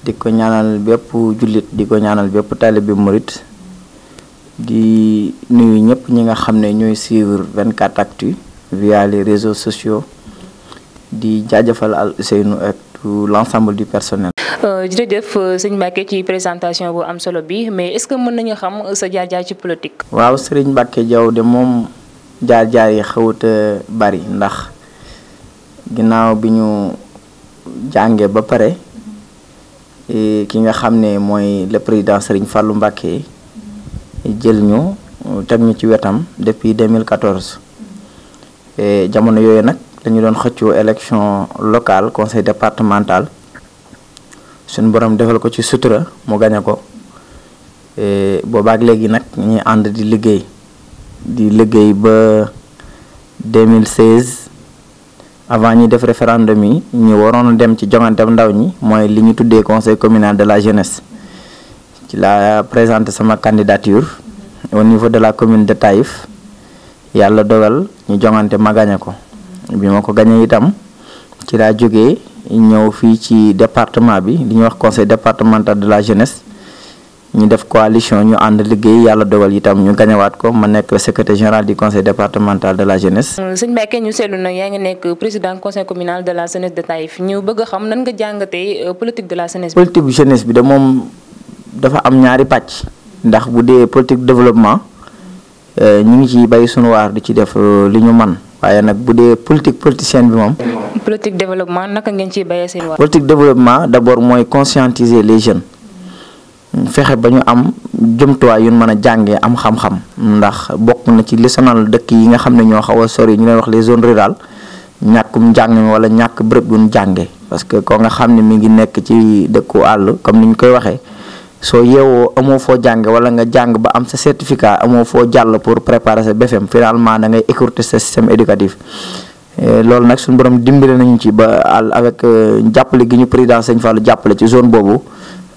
di ko ñaanal bépp jullit di ko ñaanal bépp taalibe murit di nuyu ñëpp ñi nga xam ne ñooy vingt 24 actu via les réseau sociaux di jaajëfal Al Ousseynou ak tout l'ensemble du personnel. Euh, jërëjëf sëñ Mbacke ci présentation bu am solo bi mais est-ce que mën nañu xam sa jaar-jaar ci politique. waaw sëriñ Mbacke jaw de moom jaar-jaar yi xawut a bari ndax ginnaaw bi ñu jàngee ba pare. Eh, ki nga xam ne mooy le président Serigne Fallou Mbacké jël ñu teg ñu ci wetam depuis deux 2014 eh, jamono yooyu nag dañu doon xëccoo élection locale conseil départemental suñu borom defal ko ci sutura mu gañe ko eh, boobaak léegi nag ñuy ànd di liggéey di liggéey ba 2016 avant ñi def référendum yi ñu waroon dem ci joŋante ndaw ñi mooy li ñu tuddee conseil communal de la jeunesse ci la présenté sama candidature au niveau de la commune de Taïf yàlla dogal ñu joŋante ma gañe ko bi ma ko gaño itam ci laa jógee ñëw fii ci département bi li ñuy wax conseil départemental de la jeunesse ñu def coalition ñu ànd liggéey yàlla dogal itam ñu gañawaat ko ma nekk secrétaire général du conseil départemental de la jeunesse. Euh, sëñ Mbacke ñu seetlu na yaa ngi nekk président conseil communal de la jeunesse de Taïf ñu bëgg a xam nan nga jàngatee euh, politique de la jeunesse. politique jeunesse bi de dafa am ñaari pàcc ndax bu dee politique développement euh, ñu ngi ci bay sunu waar di ci def li ñu man waaye nag bu dee politique politicienne bi moom. politique développement naka ngeen ciy bayee seen waar. politique développement d'abord mooy conscientiser les jeunes. fexe ba ñu am jumtuwaay yu mën a jàngee am xam-xam ndax bokk na ci li sonal dëkk yi nga xam ne ñoo xaw a sori ñu leen wax les zones rurales ñàkkum njàng wala ñàkk bërëb yu jànge parce que ko nga xam ne mi ngi nekk ci dëkku àll comme ni ñu koy waxee soo yeewoo amoo foo jàng wala nga jàng ba am sa certificat amoo foo jàll pour préparer sa BFM e finalement da ngay écourter sa système éducatif. Eh, loolu nag suñu borom dimbale nañu ci ba àll avec euh, jàppale gi ñu président Sëñ Fallou jàppale ci zone boobu.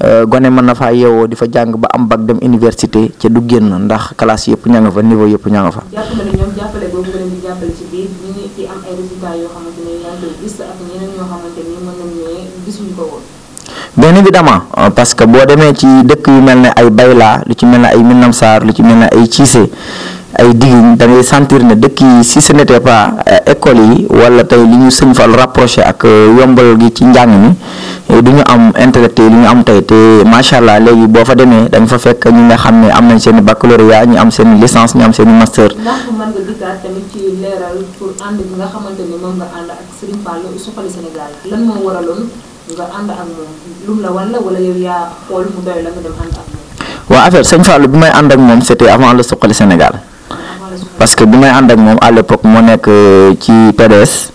Euh, gone mën na faa yeewoo di fa jàng ba am bac dem université ca du génn ndax classe yëpp ña nga fa niveau yëpp ña nga fa. jàppale ñoom jàppale boobu euh, parce que boo demee ci dëkk yu mel ni ay Bayla lu ci mel ni ay Minam Sarr lu ci mel ni ay Cissé. ay digg da sentir ne dëkk yi si ce pas euh, école yi wala tey li ñu sëñ Fall rapproché ak euh, yombal gi ci njàng mi euh, du ñu am intellectuel li ñu am tey te macha allah léegi boo fa demee da fa fekk ñi nga xam ne am nañ seen i baccalauréat ñu am seen licence ñu am seen i master. ndax mën nga ànd sëñ Fall moo waraloon nga ànd ak lu bi may ànd ak moom c'était avant la suqali Sénégal. parce que bi may ànd ak moom à l'époque moo nekk euh, ci PDS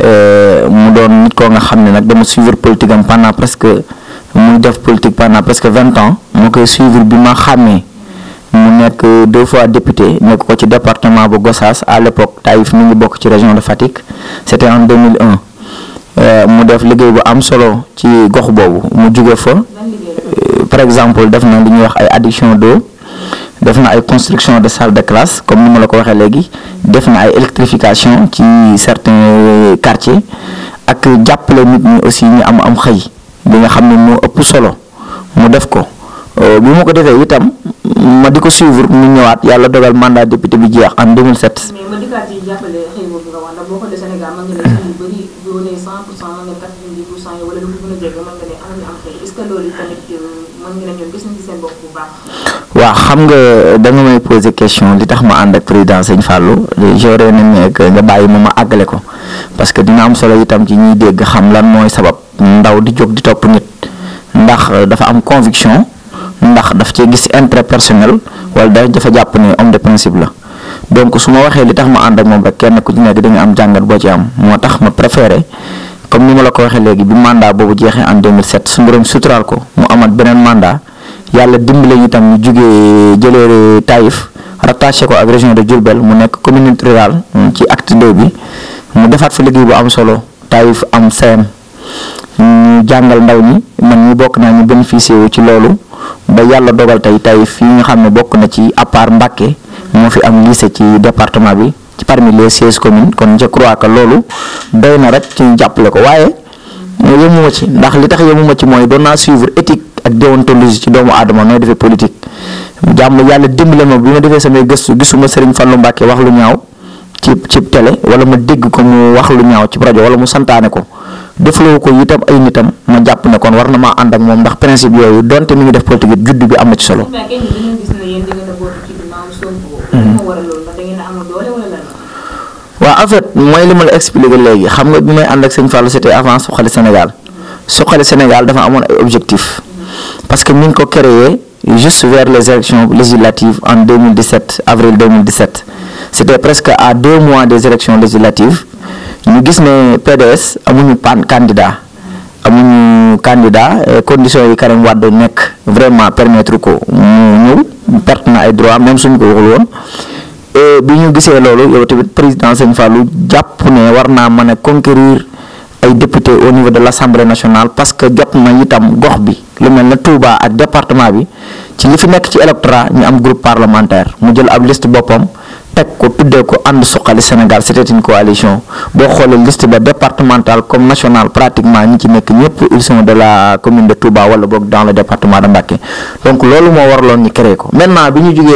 euh, mu doon nit koo nga xam ne nag dama suivre politique am pendant presque muy def politique pendant presque vingt ans moo koy suivre bi ma xàmmee mu nekk euh, deux fois député nekk ko ci département bu Gossas à l'époque Taïf mi ngi bokk ci région de Fatick c'était en 2001 mu def liggéey bu am solo ci gox boobu mu jóge fa par exemple def na li ñuy wax ay addiction d'eau def na ay construction de salle de classe comme ni ma la ko waxee léegi def na ay électrification ci certains euh, quartiers ak jàppale nit ñi aussi ñu am am xëy bi nga xam ne moo ëpp solo mu def ko euh, bi ma ko defee itam ma di ko suivre mu ñëwaat yàlla dogal mandat député bi jeex en 2007. mais waaw xam nga da nga may poser question li tax ma ànd ak président Sëñ Fallou j'aurais aimé que nga bàyyi ma ma àggale ko parce que dina am solo itam ci ñuy dégg xam lan mooy sabab ndaw di jóg di topp nit ndax dafa am conviction ndax daf cee gis intre personnel wala da dafa jàpp ne homme de principe la donc su ma waxee li tax ma ànd ak moom rek kenn ku ci nekk di am jàngat boo ci am moo tax ma préféré. comme ni ma la ko waxee léegi bi mandat boobu jeexee en 2007 su borom suturaal ko mu amaat beneen mandat yàlla dimbale ñu tam jóge jugee jëlee Taïf rattaché ko ak de Diourbel mu nekk commune rural ci acte 2 bi mu defaat fa liggéey bu am solo Taïf am CM ñu jàngal ndaw ñi man ñu bokk naa ñu bénéficié wu ci loolu ba yàlla dogal tey Taïf yi nga xam ne bokk na ci à part moo fi am lycée ci département bi. ci parmi les seize communes kon je crois que loolu doy na rek ci ñu jàppale ko waaye euh, yemuma ci ndax li tax ma ci mooy doon naa suivre éthique ak déontologie ci doomu aadama nooy defee politique jàmm yàlla dimbale ma bi ma defee samay gëstu gisuma Serigne Fallou Mbacke wax lu ñaaw ci ci télé wala ma dégg ko mu wax lu ñaaw ci rajo wala mu santaane ko defloo ko itam ay nitam ma jàpp ne kon war na maa ànd ak ndax principe yooyu donte mi ngi def politique it juddu bi am na ci solo. waaw en fait mooy li ma la expliqué léegi xam nga bi may ànd ak sëñ Fallou c'était avant suqali Sénégal suqali Sénégal dafa amoon ay objectif parce que mu ngi ko créé juste vers les élections législatives en 2017 avril 2017 c'était presque à deux mois des élections législatives ñu gis ne PDS amuñu pan candidat amuñu candidat euh, conditions yi Karim Wade nekk vraiment permettre ko mu ñëw perte na ay droit même suñ ko waxul Euh, bi ñu gisee loolu yow tamit président Sëñ Fallou jàpp ne war naa mën a conquérir ay député au niveau de l' assemblée nationale parce que jot na itam gox bi lu mel ne Touba ak département bi ci li fi nekk ci électorat ñu am groupe parlementaire mu jël ab liste boppam teg ko tuddee ko ànd suqali Sénégal c' était une coalition boo xoolee liste ba départementale comme nationale pratiquement ñi ci nekk ñëpp ils sont de la commune de Touba wala boog dans le département de Mbacké donc loolu moo ñu créé ko maintenant bi ñu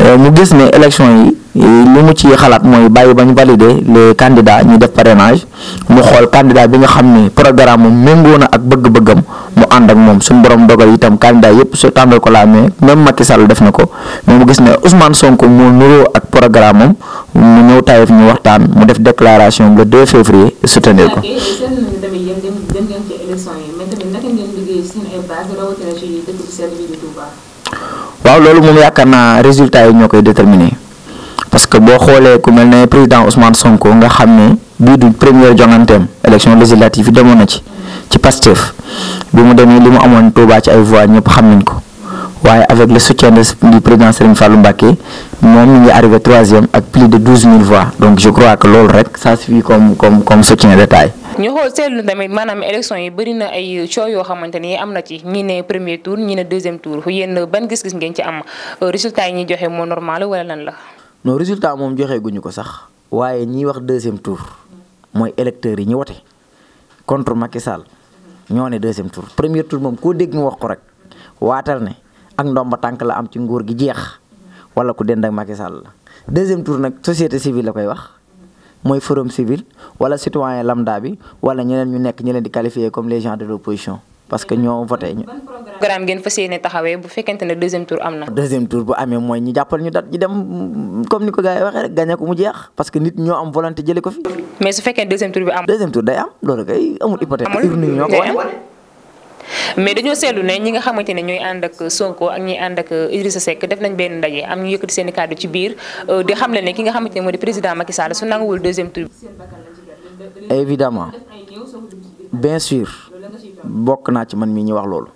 Euh, mu gis ne élection yi li mu ci xalaat mooy bàyyi ba ñu valider les candidats def parrainage mu xool candidat bi nga xam ne programme mu méngoo na ak bëgg mu ànd ak moom suñu borom dogal itam candidat yëpp su tàndal ko laa mais même def na ko mais mu gis ne Ousmane Sonko moo nuroo ak programme mu ñëw Taïf ñu waxtaan mu def déclaration le 2 février soutenir ko. waaw loolu moom yaakaar naa résultat yi ñoo koy déterminer parce que boo xoolee ku mel ne président Ousmane Sonko nga xam ne bii du première jonganteem élection législative yi demoon na ci ci Pastef bi mu demee li mu amoon Touba ci ay voix ñëpp xam nañ ko waaye avec le soutien du président Serigne Fallou Mbacké moom mi ngi arrivé troisième ak plus de douze mille voix donc je crois que loolu rek ça suffit comme comme comme soutien de ñu xool seetlu tamit maanaam élection yi bëri na ay coow yoo xamante ni am na ci ñi ne premier tour ñi ne deuxième tour yéen ban gis-gis ngeen ci am euh, résultat yi ñuy joxe moo normal wala lan la. non résultat moom joxe ko sax waaye ñiy wax deuxième tour mooy électeurs yi ñu wote contre Macky ñoo ne deuxième tour premier tour moom ko dégg mu wax ko rek waatal ne ak ndomba tànk la am ci nguur gi jeex wala ku dend ak Macky la deuxième tour nag société civile la koy wax. mooy forum civil wala citoyen lambda bi wala ñeneen ñu nekk ñi leen di qualifier comme les gens de l'opposition parce que ñoo voté. programme ngeen fas yéene taxawee bu fekkente ne deuxième tour am na. deuxième tour bu amee mooy ñu jàppal ñu dat ñu dem comme ni ko gars yi waxee rek gagné ko parce que nit ñoo am volonté jëlee ko fi. mais su fekkee deuxième tour bi am. deuxième tour day am loolu kay amul hypothèque. amul ñoo ko wane. mais dañoo seetlu ne ñi nga xamante ne ñooy ànd ak Sonko ak ñi ànd ak Idrissa sekk def nañ benn ndaje am ñu yëkkati seen i kàddu ci biir euh, di xam le ne ki nga xamante ne moo di président Macky Sall su nanguwul deuxième tour évidemment bien sûr bokk naa ci man mii ñu wax loolu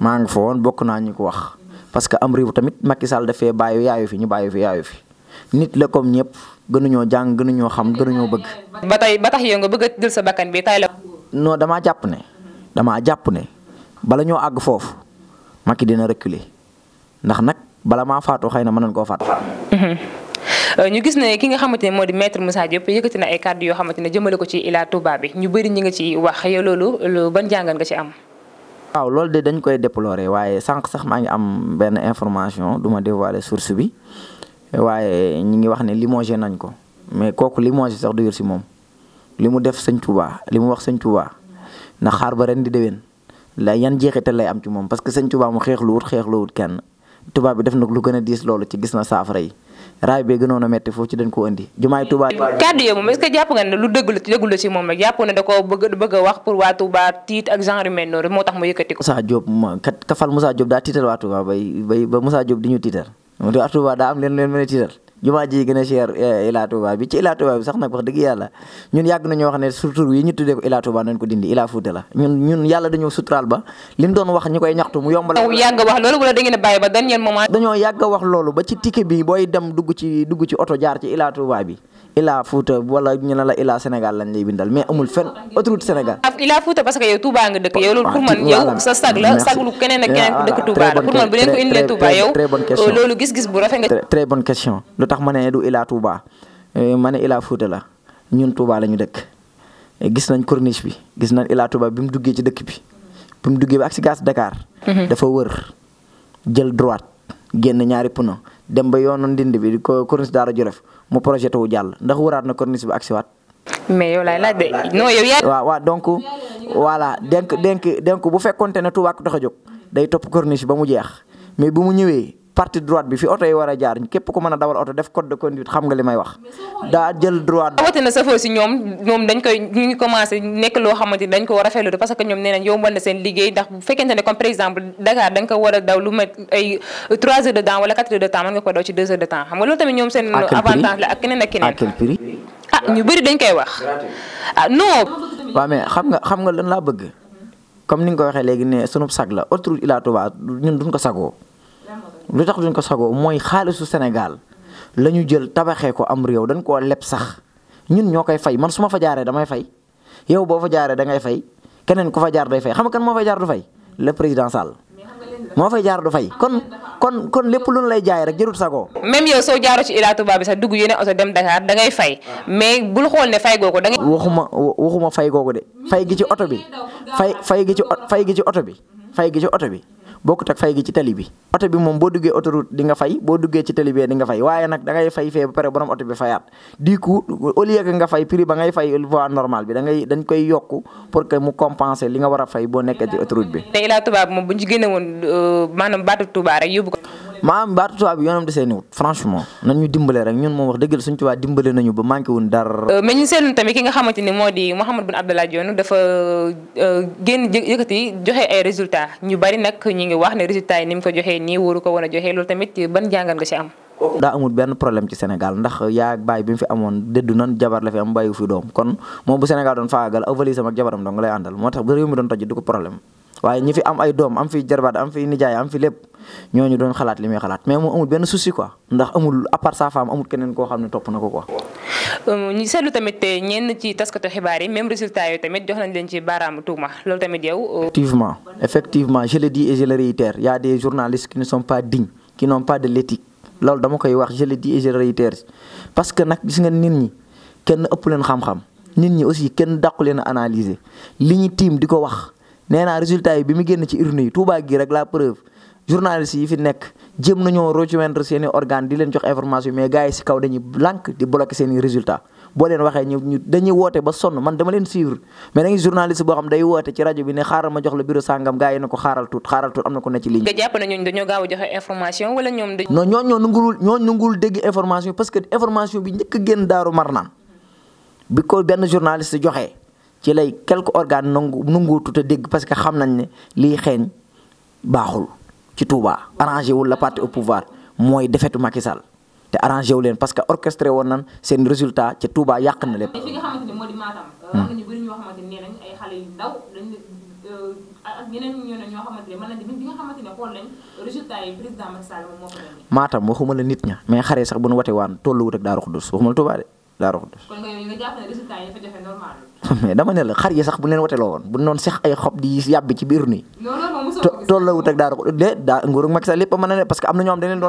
maa ngi fa woon bokk naa ñu ko wax parce que am réew tamit Macky Sall dafee bàyyi yaayu fi ñu bàyyi fi yaayu fi nit la comme ñëpp gënuñoo jàng gënuñoo xam gënuñoo bëgg. ba tey ba tax yow bëgg jël sa bakkan bi tay la. non damaa jàpp ne. damaa jàpp ne bala ñoo àgg foofu Macky dina reculer ndax nag bala maa faatu xëy na mën nañ koo faat. Mhm. Euh, ñu gis ne ki nga xamante ne moo di maître Moussa Diop yëkkati na ay kàddu yoo xamante ne jëmale ko ci Ila Touba bi ñu bëri ñu nga ci wax yow loolu ban jàngat nga ci am. waaw loolu de dañ koy déplorer waaye sànq sax maa ngi am benn information du ma dévoiler source bi waaye ñi ngi wax ne limogé nañ ko mais kooku limogé sax du si moom li mu def sëñ Touba li mu wax sëñ Touba. na xaar ba ren di déwén la yan jeexital lay am ci moom parce que sëñ Tuubaa mu xeexluwut xeexluwut kenn tubaab bi def nag lu gën diis loolu ci gis na saafara yi raay bee gënoon a metti foofu ci dañ ko indi jumaay Touba. kàddu yooyu moom est que jàpp nga ne lu dëgg ci moom rek jàpp ne da koo bëgg a wax pour waa Touba tiit ak genre mel noonu moo tax mu yëkkati ko. Moussa Diop ma kat kafal Moussa Diop daa tiital waa Touba bay ba Moussa Diop di ñu tiital moom jumaa ji gën a cher eh, Ila Touba bi ci Ila Touba sax nag wax dëgg yàlla ñun yàgg nañoo wax ne surtout yi ñu tuddee ko Ila Touba nañ ko dindi Ila Fouta la ñun ñun yàlla dañoo suturaal ba lim doon wax ñu koy ñaxtu mu yombal yàgg wax loolu wala da a bàyyi ba dernier moment dañoo yàgg wax ba ci ticket bi booy dem dugg ci dugg ci oto jaar ci Ila Touba bi Ila Fouta wala ñu ne la Ila Sénégal lañ lay bindal mais amul fenn autoroute Sénégal. Ila Fouta parce que yow Touba nga dëkk yow loolu sa sag la saglu gis-gis bu rafet nga. très bonne question lu tax ma ne du Ila Touba euh, ma ne Ila Fouta la ñun Touba la ñu dëkk euh, gis nañ corniche bi gis nañ Ila Touba bi mu duggee ci dëkk bi bi mu duggee bi ak si gaz Dakar. Mhm. dafa wër jël droite génn ñaari pono dem ba yoonu ndind bi ko corniche daara Jolof mu projet wu jàll ndax waraat na corniche bi agsi waat mais yow laay laaj de non yow donc voilà denk denk denk bu fekkonte ne Touba ko tax a day topp corniche ba mu jeex mais bu mu ñëwee partie droite bi fi oto yi war a jaar képp ku mën a dawal oto def code de conduite xam nga li may wax. daa jël droite. rawatina safoo si ñoom ñoom dañ koy ñu ngi nekk loo xamante ko ne da ko war a daw lu mat ay 3 heures de temps wala 4 heures de temps mën nga ko daw xam nga la ah, koy wax. ah non. waaw mais xam nga xam nga lan laa bëgg comme ni nga ko waxee léegi ne sunub sag la autoroute Ila Touba ñun duñ ko sagoo lu tax duñ ko sagoo mooy xaalisu Sénégal la ñu jël tabaxee ko am réew dañ koo leb sax ñun ñoo koy fay man su ma fa jaaree damay fay yow boo fa jaaree da ngay fay keneen ku fa jaar day fay xam nga kan moo fay jaar du fay le président Sall moo fay jaar fay kon kon kon lépp lu ñu lay jaay rek jërut sago même yow soo jaaroo ci Ila Touba bi sax dugg yeneen oto dem Dakar da ngay fay mais bul xool ne fay googu da ngay. waxuma waxuma fay googu de fay gi ci oto bi fay fay gi ci fay gi ci oto bi fay gi ci oto bi. bokkut ak fay ci tali oto bi moom boo duggee autoroute di fay boo duggee ci tali bee fay waaye nag da fay fee ba pare borom oto bi fayaat du coup au nga fay prix ba ngay fay voie normale bi da ngay yokku pour que mu compenser li nga war fay boo nekkee ci autoroute bi. tey laa tubaab moom bu ñu ci génne woon euh, baatu tubaab rek yóbbu maanaam baatu tubaab bi yoonam desee niwut franchement nan ñu dimbale rek ñun moom wax dëggal suñ tubaab dimbale nañu ba manqué wuñ dara euh, mais ñu tamit ki nga xamante ni moo di Mouhamed Boun Abdallah Dionne dafa euh, génn yëkkati joxe ay résultat ñu bari nag ñu ngi wax ne résultats yi ni mu ko joxee nii waru ko woon a joxee loolu tamit ban jàngat nga ci am daa amul benn problème ci Sénégal ndax yaa baay bi mu fi amoon dëddu nan jabar la fi am bàyyiwu fi doom kon moom bu Sénégal doon faagagal avalisam ak jabaram dong lay moo tax bu réew doon toj du ko problème waaye ñi fi am ay doom am fi jarbaat am fi nijaay am fi lépp ñooñu doon xalaat li muy xalaat mais moom amul benn souci quoi ndax amul à part sa femme amul koo xam ne topp na ko ko um, ñu seetlu tamit eh, ñenn ci taskatu xibaar yi même résultat yooyu tamit jox nañ leen ci baaraamu tuuma loolu tamit yow. Uh, effectivement effectivement je le dis de je le réitère ne sont pas dignes qui n'ont pas de l'éthique loolu dama koy wax je le dis et je parce que nag gis nga nit ñi kenn ëpp leen xam-xam nit ñi aussi kenn dàqu leen a li ñu tiim di ko wax. nee naa résultat yi bi mu génn ci urne yi Touba gi rek la preuve journalistes yi fi nekk jëm jéem nañoo rejoindre seen i organe di leen jox information mais gars yi si kaw dañuy lànk di bloquer boo leen waxee ñu ñu dañuy woote ba sonn man dama leen suivre mais da ngay journaliste boo xam day woote ci rajo bi ne xaaral ma jox la bureau sàngam gars yi na ko xaaral tuut xaaral tuut am na ko ne ci nga jàpp ne ñooñu dañoo gaaw a joxe information wala ñoom dañoo. non ñooñu ñoo nangul ñooñu nangul dégg information parce que information bi njëkk a génn daaru mar naan bi ko benn journaliste joxee ci lay quelque organe nangu nanguutu te dégg parce que xam nañ ne lii xeeñ baaxul ci Touba arrangé wul la parti au pouvoir mooy defetu Macky te arrangé wu leen parce que orchestré woon nan seen résultat ci Touba yàq na lépp. fi nga hmm. euh, waxuma la nit ña mais xare sax bu nu watee waan tolluwut ak Daaru Xuddus waxuma la Touba de Daaru Xuddus. kon mais dama ne la xar yi sax bu leen woteeloo woon bu noon sex ay xob di yàbbi ci biir nii. tollawut la daara ko de daa nguuru Macky Sall lépp a mën parce que am na ñoo xam leen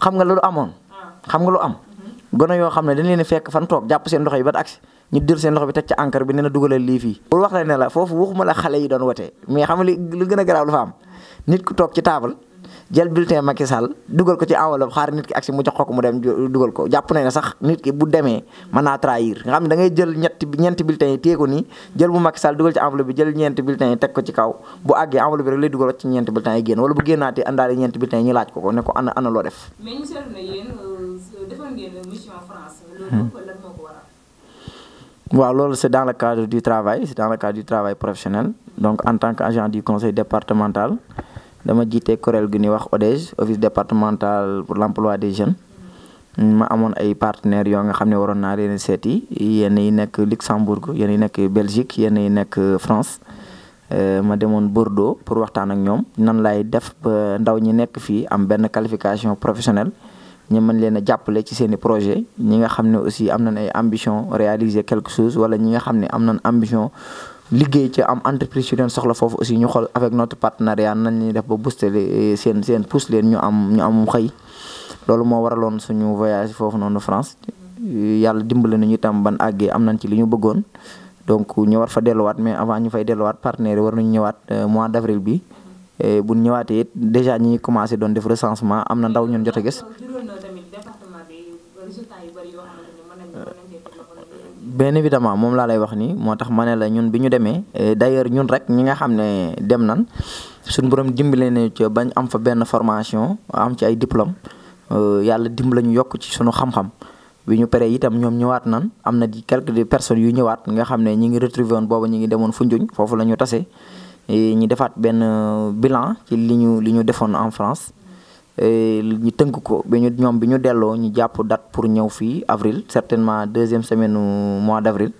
xam nga loolu amoon. Ah. xam nga lu am. Mhm. gone yoo xam ne dañ leen fekk fan toog jàpp seen loxo yi ba agsi ñu dir seen loxo bi teg ci bi nee na dugalal lii fii. pour wax la ne la foofu waxuma la xale yi doon wote mais xam nga li lu gën a garaaw lu fa am nit ku toog ci taabal jël bulletin Macky Sall dugal ko ci enveloppe xaar nit ki ak si mu jox ko mu dem dugal ko jàpp na sax nit ki bu demee ma naa trahir nga xam dangay jël ñetti ñeenti bulletins yi téye ko nii jël bu Macky Sall dugal ci enveloppe bi jël ñeenti bulletins yi teg ko ci kaw bu àggee enveloppe bi rek lay dugal ci ñeenti bulletins yi génn wala bu génnaatee àndaale ñeenti bulletins yi ñu laaj loo def. mais ñu seetlu ne yéen euh, defoon ngeen mission France. loolu hmm. lan dans le cadre du travail c' dans le cadre du travail professionnel donc en tant que agent du conseil départemental dama jiite kuréel gu ñuy wax ODEJ office départemental pour l'emploi des jeunes ma amoon ay partenaires yoo nga xam ne waroon naa leen seeti yenn yi nekk Luxembourg yenn yi nekk Belgique yenn yi nekk France euh, ma demoon Bordeaux pour waxtaan ak ñoom nan laay def ndaw ñi nekk fii am benn qualification professionnelle ñu mën leen a jàppale ci seen i projet ñi nga xam ne aussi am na ay ambition réaliser quelque chose wala ñi nga xam ne am nañ ambition liggéey ci am entreprise yu leen soxla foofu aussi ñu xool avec notre partenariat nañ ñuy def ba booster eh, seen seen pousse leen ñu am ñu am xëy loolu moo waraloon suñu voyage foofu noonu France yàlla dimbale nañu itam ban àggee am nañ ci lu ñu bëggoon donc ñu war fa delluwaat mais avant ñu fay delluwaat partenaire yi war nañu ñëwaat euh, mois d' bi bi bu ñëwaatee it dèjà ñi commencé doon def recensement am na ndaw ñun jot a gis. bien évidemment moom laa lay wax ni moo tax ma ne la ñun bi ñu demee eh, d'ailleurs ñun rek ñi nga xam ne dem nan suñu borom dimbale ne ca bañ am fa benn formation am ci ay diplôme euh, yàlla dimbale ñu yokk ci suñu xam-xam bi ñu paree itam ñoom ñëwaat nan am na di quelques personnes yu ñëwaat nga xam ne ñi ngi retrouvé woon booba ñi ngi demoon Foundiougne foofu la ñu tase ñi defaat benn euh, bilan ci li ñu li ñu defoon en France Euh, ñu tënk ko ba ñu ñoom bi ñu delloo ñu jàpp date pour ñëw fii avril certainement deuxième semaine mois d' avril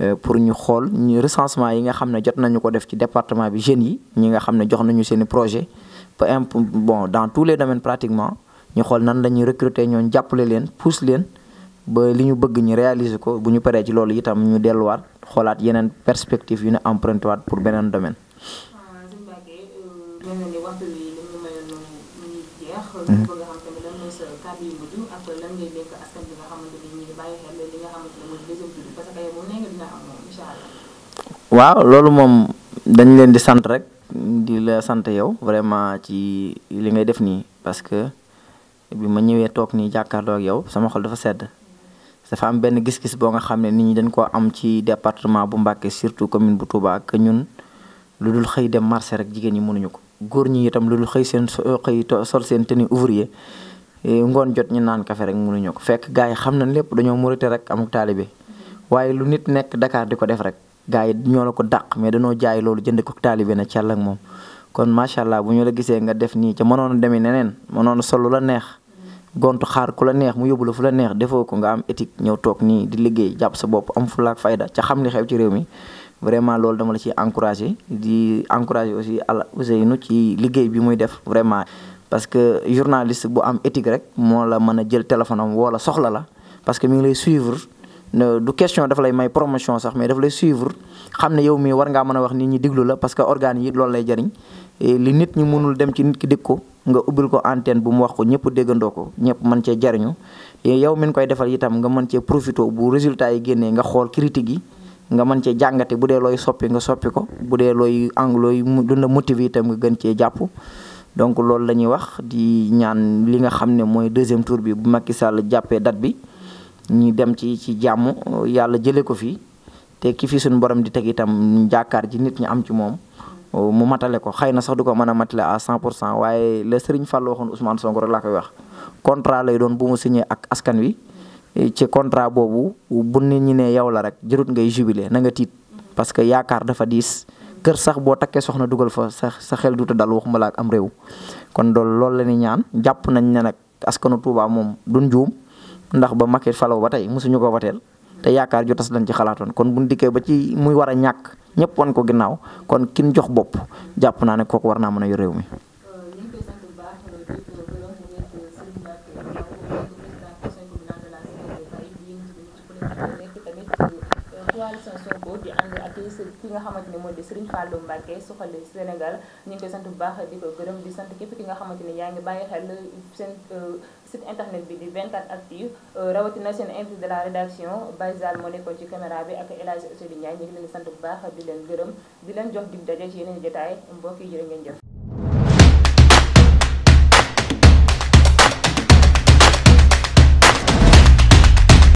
euh, pour ñu xool ñu recensement yi nga xam ne jot nañu ko def ci département bi jeunes yi ñi nga xam ne jox nañu seen i projet peu importe bon dans tous les domaines pratiquement ñu xool nan la ñuy recruter ñoon jàppale leen pousse leen ba li ñu bëgg ñu réaliser ko bu ñu paree ci loolu itam ñu delluwaat xoolaat yeneen perspective yu ne emprunté waat pour beneen domaine Mhm. waaw loolu moom dañ leen di sant rek di la sant yow vraiment ci li ngay def nii parce que bi ma ñëwee toog nii jàkkaarloo ak yow sama xol dafa sedd dafa am benn gis-gis boo nga xam ne nit ñi dañ koo am ci département bu Mbacké surtout commune bu Touba que ñun lu dul xëy dem marché rek jigéen ñi mënuñu ko. góor ñi itam loolu xëy seen uh, xëy sol seen ni ouvrier eh, ngoon jot ñu naan kafe rek mënuñu ko fekk gars yi xam na lépp dañoo murite rek amuk taalibe waaye lu nit nekk dakaar di ko def rek gars yi ñoo la ko dàq mais dañoo jaay loolu jënd ko taalibe na càll ak moom kon macha allah bu ñu la gisee nga def nii ca mënoon a demee neneen mënoon a la neex gontu xaar ku la neex mu yóbbu la fu la neex defoo ko nga am éthique ñëw toog nii di liggéey jàpp sa bopp am fulaak fayda ca xam li xew ci réew mi vraiment loolu dama la ci encouragé di encouragé aussi Al nu ci liggéey bi muy def vraiment parce que journaliste bu am éthique rek moo la mën a jël téléphone am woo la soxla la parce que mi ngi lay suivre du question dafa lay may promotion sax mais dafa lay suivre xam ne yow mii war ngaa mën a wax nit ñi diglu la parce que organes yi loolu lay jariñ li nit ñi mënul dem ci nit ki dégg ko nga ubbil ko antenne bu mu wax ko ñëpp déggandoo ko ñëpp mën cee jariñu yow min koy defal itam nga mën cee profité bu résultat yi génnee nga xool critique yi nga mën cee jàngate bu dee looy soppi nga soppi ko bu dee looy ang looy dund motivé itam nga gën cee jàpp donc loolu la ñuy wax di ñaan li nga xam ne mooy deuxième tour bi bu Macky Sall jàppee date bi ñu dem ci ci jàmm yàlla jëlee ko fii te ki fi suñu borom di teg itam jàkkaar ji nit ñu am ci moom mu matale ko xay na sax du ko mën a matale à cent pour cent waaye la Serigne Fall waxoon Ousmane Sonko rek laa koy wax contrat lay doon bu mu signé ak askan wi. ci contrat boobu bu nit ñi ne yow la rek jërut ngay jubilé na nga tiit parce que yaakaar dafa diis kër sax boo takkee soxna dugal fa sa sa xel duuta dal waxuma la ak am réew kon dool loolu la ni ñaan jàpp nañ ne nag askanu Touba moom duñ juum ndax ba Macky falaw ba tey mosuñu ko wateel te yaakaar ju tas lañ ci xalaatoon kon bu buñ dikkee ba ci muy war a ñàkk ñëpp wan ko ginnaaw kon kin jox bopp jàpp naa ne kooku war naa mën a yor réew mi ci ki nga xamante ni moo di Serigne Fallou Mbacké suxali Sénégal ñu ngi koy sant bu baax di ko gërëm di sant képp ki nga xamante ni yaa ngi bàyyi xel seen euh, site internet bi di 24 actu euh, rawatina seen invité de la rédaction Baye Zal moo nekkoon ci caméra bi ak El Hadj Ousseynou Ndiaye ñu ngi sant bu baax a di leen gërëm di leen jox dig daje ci yeneen jotaay mbokk yi jërë ngeen jëf